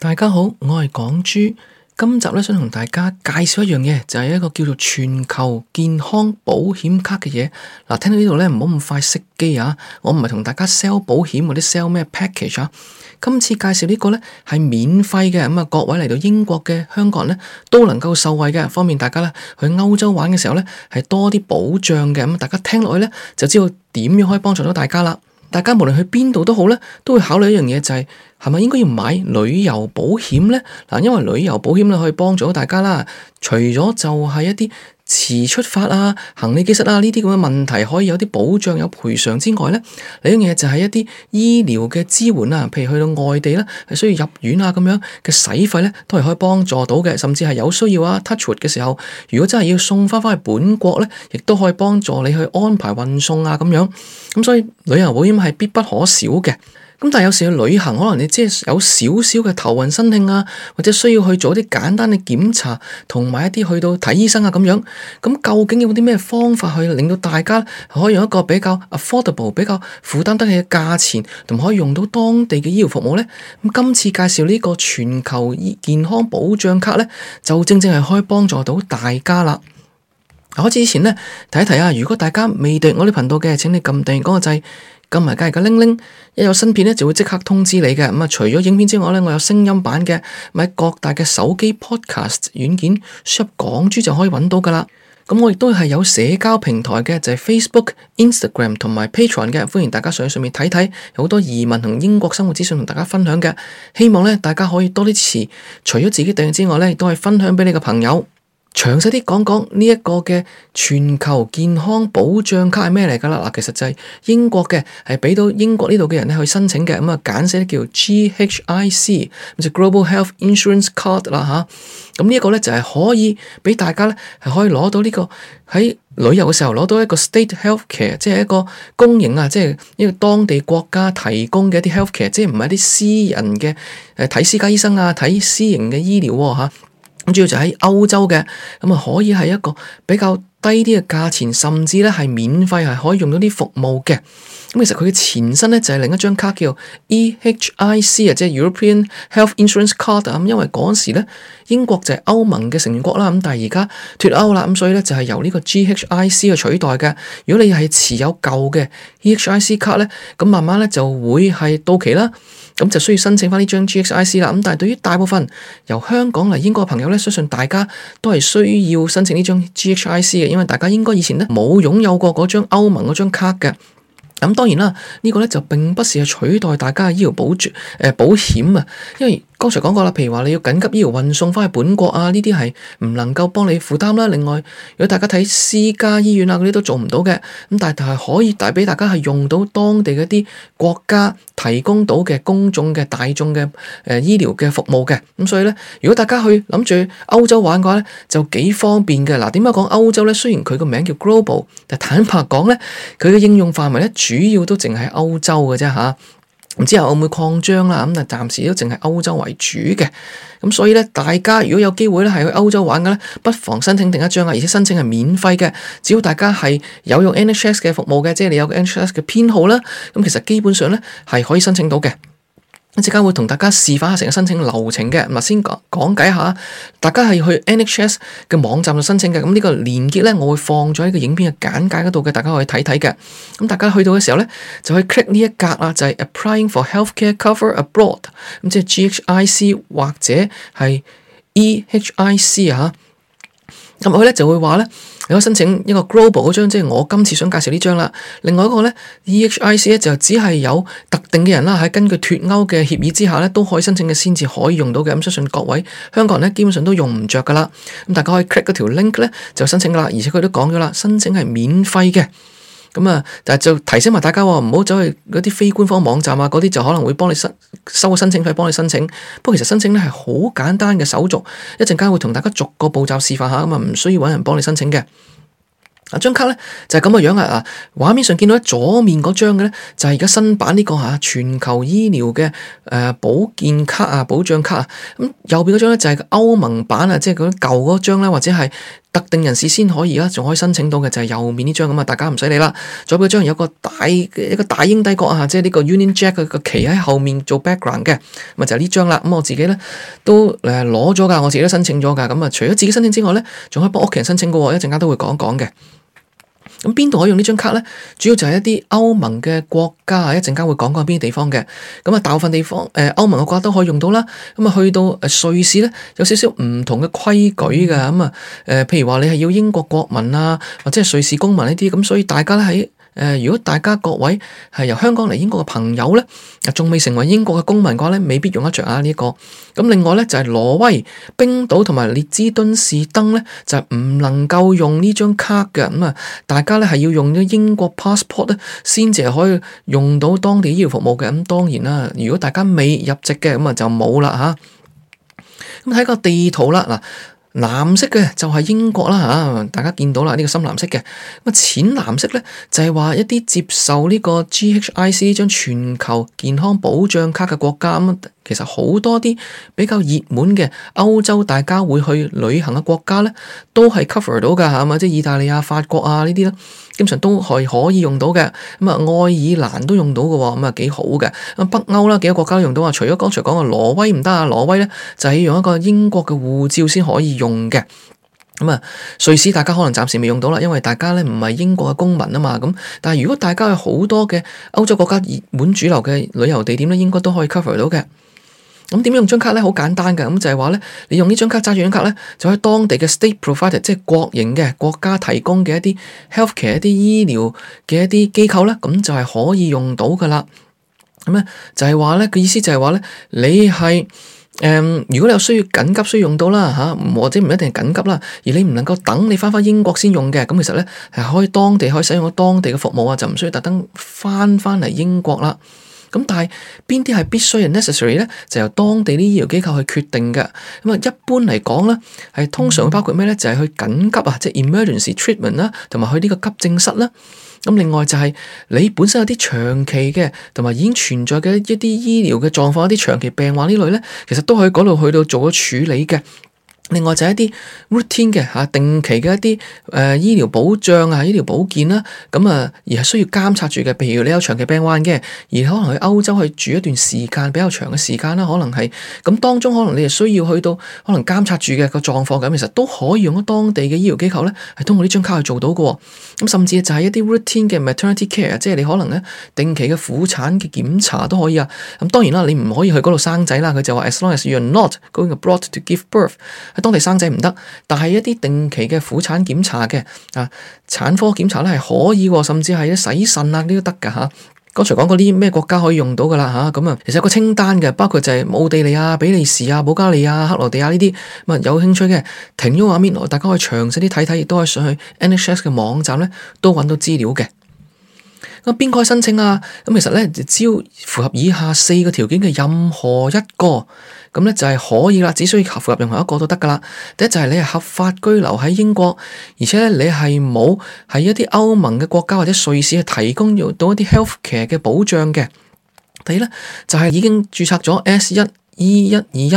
大家好，我係港豬。今集咧想同大家介紹一樣嘢，就係一個叫做全球健康保險卡嘅嘢。嗱，聽到呢度咧，唔好咁快熄機啊。我唔係同大家 sell 保險，或者 sell 咩 package 啊。今次介紹呢個咧係免費嘅，咁啊，各位嚟到英國嘅香港人咧都能夠受惠嘅，方便大家咧去歐洲玩嘅時候咧係多啲保障嘅。咁大家聽落去咧就知道點樣可以幫助到大家啦。大家無論去邊度都好咧，都會考慮一樣嘢，就係係咪應該要買旅遊保險咧？嗱，因為旅遊保險咧可以幫助到大家啦。除咗就係一啲。遲出發啊，行李機失啊，呢啲咁嘅問題可以有啲保障有賠償之外呢，另一樣嘢就係一啲醫療嘅支援啊，譬如去到外地呢，係需要入院啊咁樣嘅使費呢，都係可以幫助到嘅，甚至係有需要啊 touch wood 嘅時候，如果真係要送翻翻去本國呢，亦都可以幫助你去安排運送啊咁樣，咁所以旅遊保險係必不可少嘅。咁但係有時去旅行，可能你即係有少少嘅頭暈身興啊，或者需要去做啲簡單嘅檢查，同埋一啲去到睇醫生啊咁樣。咁、嗯、究竟有啲咩方法去令到大家可以用一個比較 affordable、比較負擔得起嘅價錢，同埋可以用到當地嘅醫療服務呢？咁、嗯、今次介紹呢個全球健康保障卡呢，就正正係可以幫助到大家啦。嗱，開始之前呢，提一提啊，如果大家未訂我哋頻道嘅，請你撳訂嗰個掣。撳埋隔離個鈴鈴，一有新片咧就會即刻通知你嘅。咁啊，除咗影片之外咧，我有聲音版嘅，喺各大嘅手機 podcast 軟件輸入港豬就可以搵到噶啦。咁我亦都係有社交平台嘅，就係、是、Facebook、Instagram 同埋 Patreon 嘅，歡迎大家上去上面睇睇，有好多移民同英國生活資訊同大家分享嘅。希望咧大家可以多啲持，除咗自己訂閱之外咧，亦都可以分享俾你嘅朋友。詳細啲講講呢一個嘅全球健康保障卡係咩嚟噶啦？嗱，其實就係英國嘅，係俾到英國呢度嘅人咧去申請嘅。咁啊，簡寫咧叫 G H I C，就 Global Health Insurance Card 啦吓。咁呢一個咧就係可以俾大家咧係可以攞到呢個喺旅遊嘅時候攞到一個 State Health Care，即係一個公營啊，即係呢個當地國家提供嘅一啲 Health Care，即係唔係一啲私人嘅誒睇私家醫生啊，睇私營嘅醫療吓。咁主要就喺歐洲嘅，咁啊可以係一個比較低啲嘅價錢，甚至咧係免費，係可以用到啲服務嘅。咁其實佢嘅前身咧就係另一張卡叫 EHIC 啊，即係 European Health Insurance Card。咁因為嗰陣時咧英國就係歐盟嘅成員國啦，咁但係而家脫歐啦，咁所以咧就係由呢個 GHIC 去取代嘅。如果你係持有舊嘅 EHIC 卡咧，咁慢慢咧就會係到期啦。咁就需要申請返呢張 GHIC 啦，咁但係對於大部分由香港嚟英國嘅朋友咧，相信大家都係需要申請呢張 GHIC 嘅，因為大家應該以前咧冇擁有過嗰張歐盟嗰張卡嘅。咁、嗯、當然啦，呢、這個咧就並不是取代大家嘅醫療保絕、呃、保險啊，因為，剛才講過啦，譬如話你要緊急醫療運送返去本國啊，呢啲係唔能夠幫你負擔啦。另外，如果大家睇私家醫院啊嗰啲都做唔到嘅，但係可以帶俾大家係用到當地嗰啲國家提供到嘅公眾嘅大眾嘅誒醫療嘅服務嘅。咁所以呢，如果大家去諗住歐洲玩嘅話呢，就幾方便嘅。嗱、啊，點解講歐洲呢？雖然佢個名叫 Global，但坦白講呢，佢嘅應用範圍咧主要都淨係歐洲嘅啫。唔知會唔會擴張啦，咁啊暫時都淨係歐洲為主嘅，咁所以咧，大家如果有機會咧係去歐洲玩嘅咧，不妨申請定一張啊，而且申請係免費嘅，只要大家係有用 NHS 嘅服務嘅，即係你有 NHS 嘅編號啦，咁其實基本上咧係可以申請到嘅。即刻會同大家示範下成個申請流程嘅，咁先講講解下，大家係去 NHS 嘅網站度申請嘅，咁、這、呢個連結咧，我會放咗喺個影片嘅簡介嗰度嘅，大家可以睇睇嘅。咁大家去到嘅時候咧，就可以 click 呢一格啊，就係、是、applying for healthcare cover abroad，咁即係 G H I C 或者係 E H I C 啊。咁佢咧就會話咧，如果申請一個 global 嗰張，即係我今次想介紹呢張啦。另外一個咧，EHIC 咧就只係有特定嘅人啦，喺根據脫歐嘅協議之下咧，都可以申請嘅，先至可以用到嘅。咁、嗯、相信各位香港人咧，基本上都用唔着噶啦。咁大家可以 click 嗰條 link 咧，就申請噶啦。而且佢都講咗啦，申請係免費嘅。咁啊、嗯！但係就提醒埋大家喎，唔好走去嗰啲非官方網站啊，嗰啲就可能會幫你申收個申請費，幫你申請。不過其實申請呢係好簡單嘅手續，一陣間會同大家逐個步驟示範下，咁啊唔需要揾人幫你申請嘅。啊，張卡呢就係咁嘅樣啊，畫面上見到左面嗰張嘅呢就係而家新版呢、呢個嚇、啊、全球醫療嘅誒、啊、保健卡啊，保障卡啊。咁、啊、右邊嗰張咧就係、係、歐盟版啊，即係嗰舊嗰張咧，或者係。特定人士先可以啊，仲可以申請到嘅就係右面呢張咁啊，大家唔使理啦。左邊張有個大一個大英帝國啊，即係呢個 Union Jack 嘅旗喺後面做 background 嘅，啊，就係呢張啦。咁我自己咧都誒攞咗㗎，我自己都申請咗㗎。咁啊，除咗自己申請之外咧，仲可以幫屋企人申請嘅喎，一陣間都會講一講嘅。咁邊度可以用呢張卡咧？主要就係一啲歐盟嘅國家，啊，一陣間會講講邊啲地方嘅。咁啊，大部分地方，誒、呃、歐盟嘅國家都可以用到啦。咁啊，去到誒瑞士咧，有少少唔同嘅規矩嘅。咁、嗯、啊，誒、呃、譬如話你係要英國國民啊，或者係瑞士公民呢啲，咁所以大家咧喺。誒，如果大家各位係由香港嚟英國嘅朋友咧，仲未成為英國嘅公民嘅話咧，未必用得着啊呢個。咁另外咧就係挪威、冰島同埋列支敦士登咧，就唔能夠用呢張卡嘅。咁啊，大家咧係要用咗英國 passport 咧，先至係可以用到當地醫療服務嘅。咁當然啦，如果大家未入籍嘅，咁啊就冇啦嚇。咁睇個地圖啦，嗱。藍色嘅就係英國啦吓，大家見到啦，呢個深藍色嘅，咁啊淺藍色咧就係話一啲接受呢個 GHIC 將全球健康保障卡嘅國家，咁，其實好多啲比較熱門嘅歐洲大家會去旅行嘅國家咧，都係 cover 到噶吓嘛，即係意大利啊、法國啊呢啲啦。經常都係可以用到嘅，咁啊愛爾蘭都用到嘅，咁啊幾好嘅，啊北歐啦幾個國家都用到啊，除咗剛才講嘅挪威唔得啊，挪威咧就係要用一個英國嘅護照先可以用嘅，咁、嗯、啊瑞士大家可能暫時未用到啦，因為大家咧唔係英國嘅公民啊嘛，咁但係如果大家有好多嘅歐洲國家熱門主流嘅旅遊地點咧，應該都可以 cover 到嘅。咁點樣用張卡咧？好簡單嘅，咁就係話咧，你用呢張卡揸住張卡咧，就喺當地嘅 state provider，即係國營嘅國家提供嘅一啲 healthcare、一啲醫療嘅一啲機構咧，咁就係可以用到噶啦。咁咧就係話咧嘅意思就係話咧，你係誒、呃，如果你有需要緊急需要用到啦嚇、啊，或者唔一定係緊急啦，而你唔能夠等你翻翻英國先用嘅，咁其實咧係可以當地可以使用到當地嘅服務啊，就唔需要特登翻翻嚟英國啦。咁但係邊啲係必須係 necessary 咧，就由當地啲醫療機構去決定嘅。咁啊，一般嚟講咧，係通常包括咩咧？就係去緊急啊，即係 emergency treatment 啦，同埋去呢個急症室啦。咁另外就係你本身有啲長期嘅，同埋已經存在嘅一啲醫療嘅狀況，一啲長期病患呢類咧，其實都可以嗰度去到做咗處理嘅。另外就係一啲 routine 嘅嚇定期嘅一啲誒、呃、醫療保障啊、醫療保健啦，咁啊而係需要監察住嘅，譬如你有長期病患嘅，而可能去歐洲去住一段時間比較長嘅時間啦，可能係咁、啊、當中可能你係需要去到可能監察住嘅個狀況咁、啊，其實都可以用到當地嘅醫療機構咧，係通過呢張卡去做到嘅。咁、啊、甚至就係一啲 routine 嘅 maternity care，即係你可能咧定期嘅婦產嘅檢查都可以啊。咁當然啦，你唔可以去嗰度生仔啦。佢、啊、就話 as long as you're not going abroad to give birth。當地生仔唔得，但係一啲定期嘅婦產檢查嘅啊，產科檢查咧係可以喎，甚至係洗腎啊呢都得噶吓。啊，剛才講過啲咩國家可以用到噶啦吓，咁啊，啊，其實有個清單嘅，包括就係奧地利啊、比利時啊、保加利亞、克羅地亞呢啲，咁啊有興趣嘅，停咗畫面落，大家可以詳細啲睇睇，亦都可以上去 NHS 嘅網站咧，都揾到資料嘅。咁邊個申請啊？咁其實咧，只要符合以下四個條件嘅任何一個，咁咧就係可以啦。只需要符合任何一個都得噶啦。第一就係你係合法居留喺英國，而且咧你係冇喺一啲歐盟嘅國家或者瑞士係提供到一啲 healthcare 嘅保障嘅。第二咧就係已經註冊咗 S 一。1 E 一二一、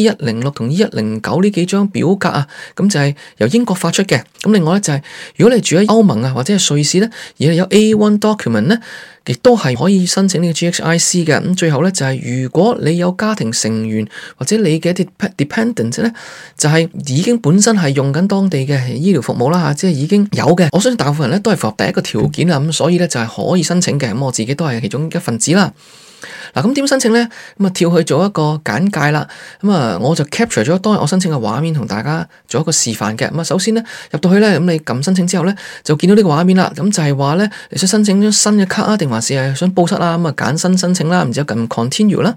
E 一零六同 E 一零九呢幾張表格啊，咁就係由英國發出嘅。咁另外咧就係、是、如果你住喺歐盟啊或者係瑞士咧，而你有 A One Document 咧，亦都係可以申請呢個 G H I C 嘅。咁最後咧就係、是、如果你有家庭成員或者你嘅一啲 Dependents 咧，就係已經本身係用緊當地嘅醫療服務啦吓，即係已經有嘅。我相信大部分人咧都係符合第一個條件啦，咁所以咧就係可以申請嘅。咁我自己都係其中一份子啦。嗱，咁點申請呢？咁啊，跳去做一個簡介啦。咁啊，我就 capture 咗當日我申請嘅畫面同大家做一個示範嘅。咁啊，首先呢，入到去呢，咁你撳申請之後呢，就見到呢個畫面啦。咁就係話呢，你想申請張新嘅卡啊，定還是係想報失啊？咁啊，揀新申請啦，然之後撳 Continue 啦。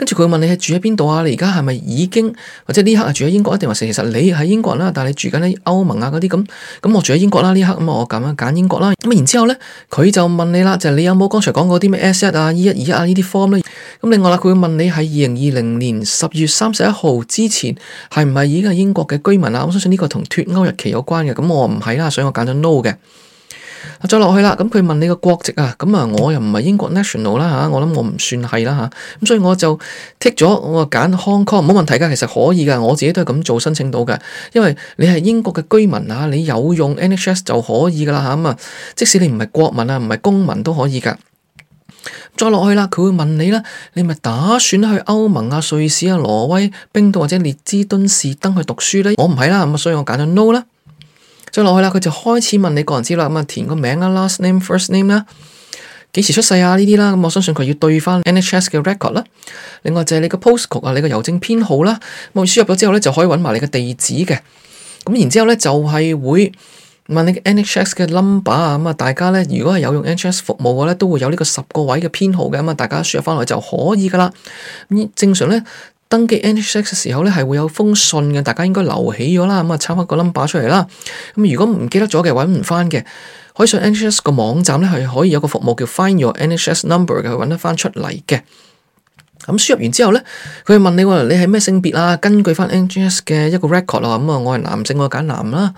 跟住佢會問你係住喺邊度啊？你而家係咪已經或者呢刻係住喺英國？一定話成其實你係英國人啦，但係你住緊啲歐盟啊嗰啲咁咁。我住喺英國啦、啊，呢刻咁我咁樣揀英國啦、啊。咁然之後咧，佢就問你啦，就係、你有冇剛才講過啲咩 S 一啊、E 一、啊、E 二啊呢啲 form 呢？」咁另外啦，佢會問你喺二零二零年十月三十一號之前係唔係已經係英國嘅居民啊？我相信呢個同脫歐日期有關嘅。咁我唔係啦，所以我揀咗 no 嘅。再落去啦，咁佢問你個國籍啊，咁啊，我又唔係英國 national 啦吓，我諗我唔算係啦吓，咁所以我就剔咗，我話揀 Hong Kong，冇問題噶，其實可以噶，我自己都係咁做申請到嘅，因為你係英國嘅居民啊，你有用 NHS 就可以噶啦吓，咁啊，即使你唔係國民啊，唔係公民都可以噶。再落去啦，佢會問你啦，你係咪打算去歐盟啊、瑞士啊、挪威、冰島或者列支敦士登去讀書咧？我唔係啦，咁所以我揀咗 no 啦。再落去啦，佢就開始問你個人資料啦，咁、嗯、啊填個名啊，last name，first name 啦，幾時出世啊呢啲啦，咁、嗯、我相信佢要對翻 NHS 嘅 record 啦。另外就係你個 post code 啊，你個郵政編號啦，咁、嗯、輸入咗之後咧，就可以揾埋你個地址嘅。咁、嗯、然之後咧就係、是、會問你個 NHS 嘅 number 啊、嗯，咁啊大家咧如果係有用 NHS 服務嘅咧，都會有呢個十個位嘅編號嘅，咁、嗯、啊大家輸入翻嚟就可以噶啦。咁、嗯、正常咧。登記 NHS 嘅時候咧，係會有封信嘅，大家應該留起咗啦。咁啊，抄翻個 number 出嚟啦。咁如果唔記得咗嘅、揾唔翻嘅，可以上 NHS 個網站咧，係可以有個服務叫 Find Your NHS Number 嘅，去揾得翻出嚟嘅。咁輸入完之後咧，佢問你你係咩性別啊？根據翻 NHS 嘅一個 record 啊，咁啊，我係男性，我揀男啦。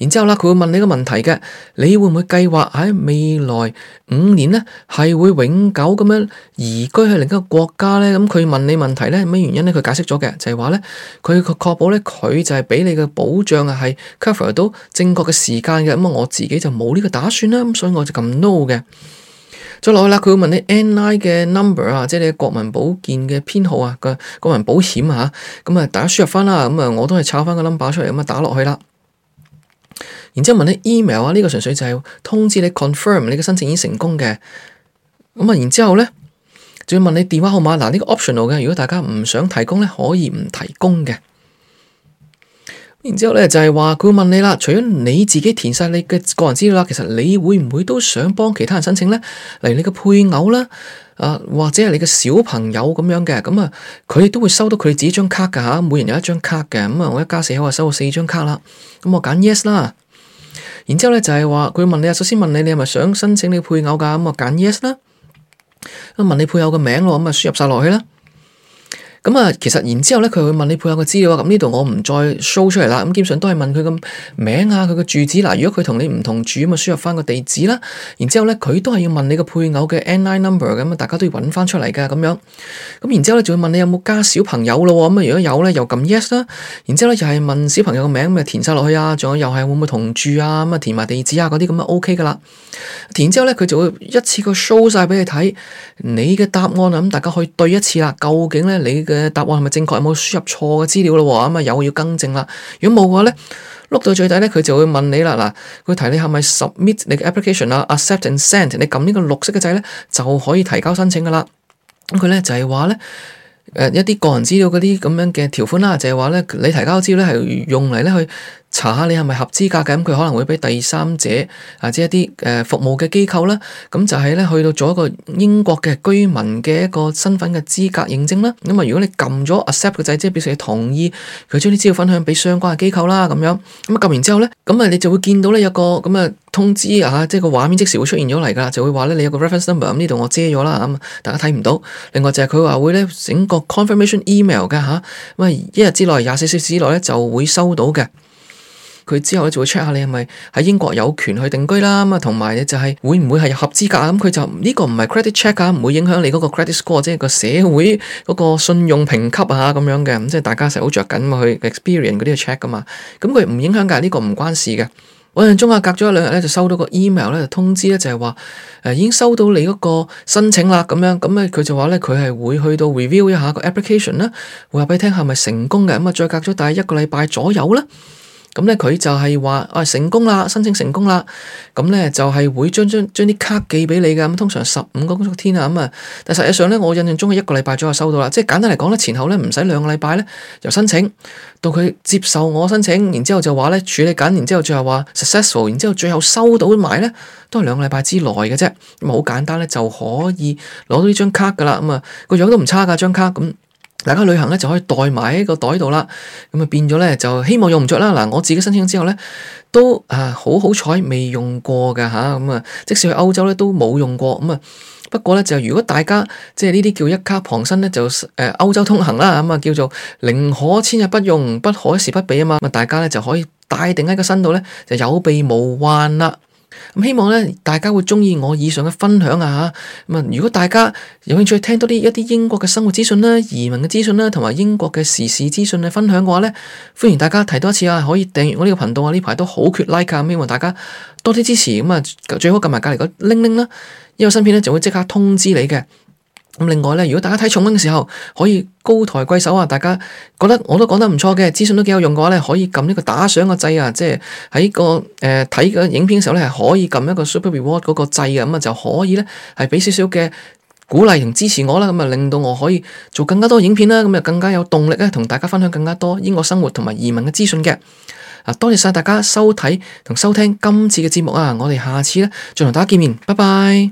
然之後呢，佢會問你一個問題嘅，你會唔會計劃喺未來五年呢？係會永久咁樣移居去另一個國家呢？」咁佢問你問題呢咩原因呢？佢解釋咗嘅，就係話呢，佢確保呢，佢就係俾你嘅保障啊，係 cover 到正確嘅時間嘅。咁啊，我自己就冇呢個打算啦，咁所以我就撳 no 嘅。再落去啦，佢會問你 NI 嘅 number 啊，即係你的國民保健嘅編號啊嘅國民保險啊，咁啊，大家輸入翻啦，咁啊，我都係抄翻個 number 出嚟，咁啊，打落去啦。然之後問你 email 啊，呢個純粹就係通知你 confirm 你嘅申請已經成功嘅。咁啊，然之後咧，仲要問你電話號碼。嗱，呢個 optional 嘅，如果大家唔想提供咧，可以唔提供嘅。然之後咧就係話佢會問你啦，除咗你自己填晒你嘅個人資料，其實你會唔會都想幫其他人申請咧？例如你嘅配偶啦，啊、呃、或者係你嘅小朋友咁樣嘅，咁啊佢都會收到佢自己張卡噶吓，每人有一張卡嘅。咁啊，我一家四口啊，收到四張卡啦。咁我揀 yes 啦。然之後呢就係話佢問你啊，首先問你你係咪想申請你配偶噶？咁我，揀 yes 啦，問你配偶嘅名咯，咁啊輸入晒落去啦。咁啊，其實然之後咧，佢會問你配偶嘅資料啊。咁呢度我唔再 show 出嚟啦。咁基本上都係問佢個名啊，佢個住址嗱。如果佢同你唔同住，咁啊輸入翻個地址啦。然之後咧，佢都係要問你個配偶嘅 NI number 咁啊，大家都要揾翻出嚟噶咁樣。咁然之後咧，就會問你有冇加小朋友咯。咁啊，如果有咧，又撳 yes 啦。然之後咧，又係問小朋友個名，咪填晒落去啊。仲有又係會唔會同住啊？咁啊，填埋地址啊，嗰啲咁啊，OK 噶啦。填之後咧，佢就會一次過 show 晒俾你睇你嘅答案啊。咁大家可以對一次啦。究竟咧你嘅答案係咪正確？有冇輸入錯嘅資料咯喎？咁啊，有要更正啦。如果冇嘅話咧，碌 到最底咧，佢就會問你啦。嗱，佢提你係咪 submit 你嘅 application 啊 ，accept and send。你撳呢個綠色嘅掣咧，就可以提交申請噶啦。咁佢咧就係話咧。誒、呃、一啲個人資料嗰啲咁樣嘅條款啦，就係話咧，你提交嘅資料係用嚟咧去查下你係咪合資格嘅，咁、嗯、佢可能會俾第三者啊，即係一啲誒、呃、服務嘅機構啦。咁、嗯、就係、是、咧去到咗一個英國嘅居民嘅一個身份嘅資格認證啦。咁、嗯、啊，如果你撳咗 accept 個掣，即係表示你同意佢將啲資料分享俾相關嘅機構啦。咁樣，咁啊撳完之後咧，咁、嗯、啊你就會見到咧有個咁啊。通知嚇、啊，即係個畫面即時會出現咗嚟噶，就會話咧你有個 reference number，呢度我遮咗啦，咁大家睇唔到。另外就係佢話會咧整個 confirmation email 噶嚇，咁一日之內、廿四小時之內咧就會收到嘅。佢之後咧就會 check 下你係咪喺英國有權去定居啦，咁啊同埋咧就係會唔會係合資格啊？咁佢就呢、呢個唔係 credit check 啊，唔會影響你嗰個 credit score，即係個社會嗰個信用評級啊咁樣嘅。咁即係大家成日好着緊去 experience 嗰啲 check 噶嘛，咁佢唔影響㗎，呢、呢個唔關事嘅。我印象中啊，隔咗一兩日咧就收到個 email 咧，就通知咧就係話，誒已經收到你嗰個申請啦，咁樣咁咧佢就話咧佢係會去到 review 一下個 application 啦，會話俾你聽係咪成功嘅，咁啊再隔咗大概一個禮拜左右咧。咁咧佢就係話啊成功啦，申請成功啦，咁咧就係、是、會將將將啲卡寄畀你噶，咁通常十五個工作天啊，咁啊，但係實際上咧，我印象中係一個禮拜左右收到啦，即係簡單嚟講咧，前後咧唔使兩個禮拜咧，由申請到佢接受我申請，然之後就話咧處理緊，然之後最後話 successful，然之後最後收到埋咧，都係兩個禮拜之內嘅啫，咁、嗯、好簡單咧，就可以攞到呢張卡噶啦，咁啊個樣，樣都唔差噶張卡咁。大家旅行咧就可以袋埋喺個袋度啦，咁啊變咗咧就希望用唔着啦。嗱，我自己申請之後咧都啊好好彩未用過嘅吓，咁啊即使去歐洲咧都冇用過，咁啊不過咧就如果大家即係呢啲叫一卡傍身咧就誒歐洲通行啦，咁啊叫做寧可千日不用，不可一時不備啊嘛，咁啊大家咧就可以帶定喺個身度咧就有備無患啦。希望咧，大家會中意我以上嘅分享啊。如果大家有興趣多聽多啲一啲英國嘅生活資訊啦、移民嘅資訊啦，同埋英國嘅時事資訊嘅分享嘅話呢，歡迎大家提多一次啊，可以訂閱我呢個頻道啊。呢排都好缺 like 啊，希望大家多啲支持。咁啊，最好撳埋隔籬個鈴鈴啦，因為新片咧就會即刻通知你嘅。另外咧，如果大家睇重溫嘅時候，可以高抬貴手啊！大家覺得我都講得唔錯嘅，資訊都幾有用嘅話咧，可以撳呢個打賞個掣啊！即係喺個誒睇嘅影片嘅時候咧，係可以撳一個 Super Reward 嗰個掣啊！咁啊就可以咧係俾少少嘅鼓勵同支持我啦！咁啊令到我可以做更加多影片啦！咁又更加有動力咧，同大家分享更加多英國生活同埋移民嘅資訊嘅。嗱，多謝晒大家收睇同收聽今次嘅節目啊！我哋下次咧再同大家見面，拜拜。